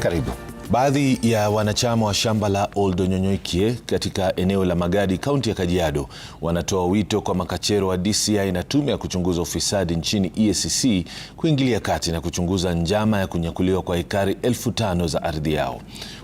Karibu. Baadhi ya wanachama wa shamba la Oldonyonyoikie katika eneo la Magadi, kaunti ya Kajiado, wanatoa wito kwa makachero wa DCI na tume ya kuchunguza ufisadi nchini EACC kuingilia kati na kuchunguza njama ya kunyakuliwa kwa hekari elfu tano za ardhi yao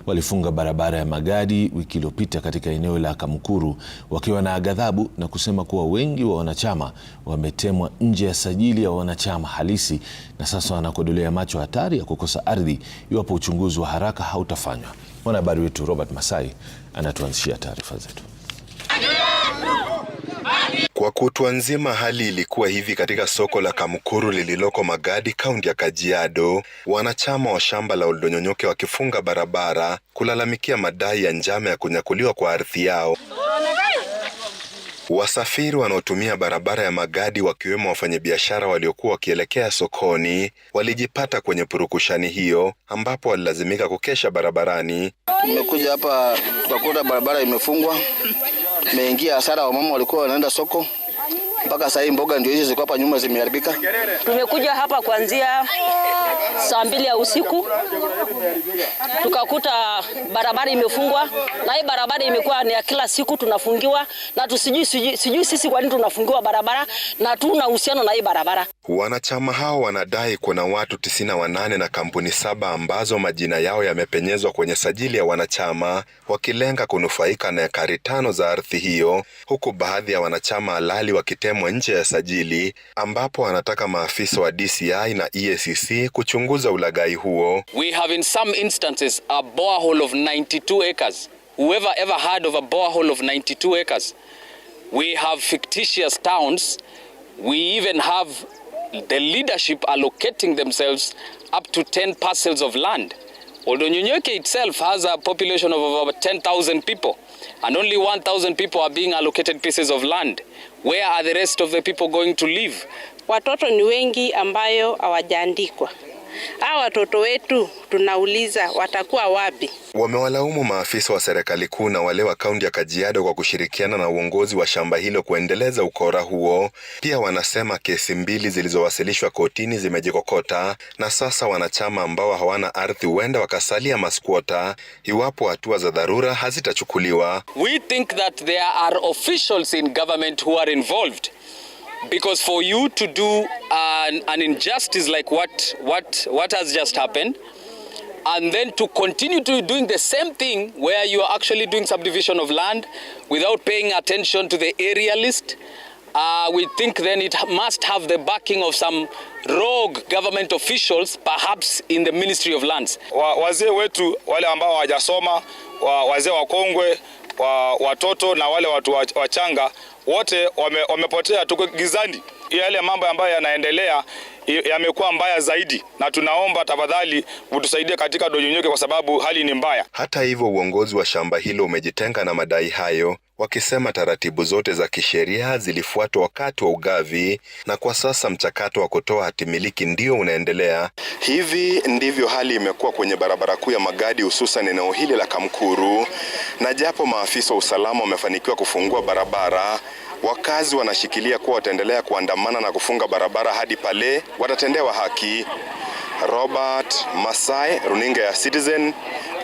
walifunga barabara ya Magadi wiki iliyopita katika eneo la kamkuru wakiwa na ghadhabu na kusema kuwa wengi wa wanachama wametemwa nje ya sajili ya wanachama halisi na sasa wanakodolea macho hatari ya kukosa ardhi iwapo uchunguzi wa haraka hautafanywa. Mwanahabari wetu Robert Masai anatuanzishia taarifa zetu. Kwa kutwa nzima hali ilikuwa hivi katika soko la Kamukuru lililoko Magadi, kaunti ya Kajiado, wanachama wa shamba la Oldonyonyoke wakifunga barabara kulalamikia madai ya njama ya kunyakuliwa kwa ardhi yao. Wasafiri wanaotumia barabara ya Magadi wakiwemo wafanyabiashara waliokuwa wakielekea sokoni walijipata kwenye purukushani hiyo ambapo walilazimika kukesha barabarani. Tumekuja hapa kwa barabara imefungwa, meingia hasara, wamama walikuwa wanaenda soko mpaka sasa hii mboga ndio hizi ziko hapa nyuma zimeharibika. Tumekuja hapa kuanzia saa mbili ya usiku tukakuta barabara imefungwa, na hii barabara imekuwa ni ya kila siku tunafungiwa, na tusijui sijui sisi kwa nini tunafungiwa barabara na tuna uhusiano na hii barabara. Wanachama hao wanadai kuna watu tisini na wanane na kampuni saba ambazo majina yao yamepenyezwa kwenye sajili ya wanachama wakilenga kunufaika na ekari tano za ardhi hiyo, huku baadhi ya wanachama halali wakitema sehemu nje ya sajili ambapo anataka maafisa wa DCI na EACC kuchunguza ulaghai huo. We have in some instances a borehole of 92 acres. Whoever ever heard of a borehole of 92 acres? We have fictitious towns. We even have the leadership allocating themselves up to 10 parcels of land. Oldonyonyoke itself has a population of about 10,000 people and only 1,000 people are being allocated pieces of land, where are the rest of the people going to live? Watoto ni wengi ambayo hawajaandikwa. Hawa watoto wetu tunauliza watakuwa wapi? Wamewalaumu maafisa wa serikali kuu na wale wa kaunti ya Kajiado kwa kushirikiana na uongozi wa shamba hilo kuendeleza ukora huo. Pia wanasema kesi mbili zilizowasilishwa kotini zimejikokota na sasa wanachama ambao hawana ardhi huenda wakasalia maskwota iwapo hatua za dharura hazitachukuliwa. We think that there are officials in government who are involved because for you to do an, an injustice like what, what, what has just happened and then to continue to doing the same thing where you are actually doing subdivision of land without paying attention to the area list uh, we think then it must have the backing of some rogue government officials perhaps in the Ministry of Lands. Wazee wetu wale ambao hawajasoma, wazee wakongwe wa watoto na wale watu wachanga wote wame, wamepotea, tuko gizani. Yale mambo ambayo yanaendelea yamekuwa mbaya zaidi, na tunaomba tafadhali utusaidie katika Donyonyoke kwa sababu hali ni mbaya. Hata hivyo, uongozi wa shamba hilo umejitenga na madai hayo wakisema taratibu zote za kisheria zilifuatwa wakati wa ugavi na kwa sasa mchakato wa kutoa hatimiliki ndio unaendelea. Hivi ndivyo hali imekuwa kwenye barabara kuu ya Magadi, hususan eneo hili la Kamkuru, na japo maafisa wa usalama wamefanikiwa kufungua barabara wakazi wanashikilia kuwa wataendelea kuandamana na kufunga barabara hadi pale watatendewa haki. Robert Masai, runinga ya Citizen,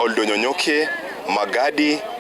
Oldonyonyoke, Magadi,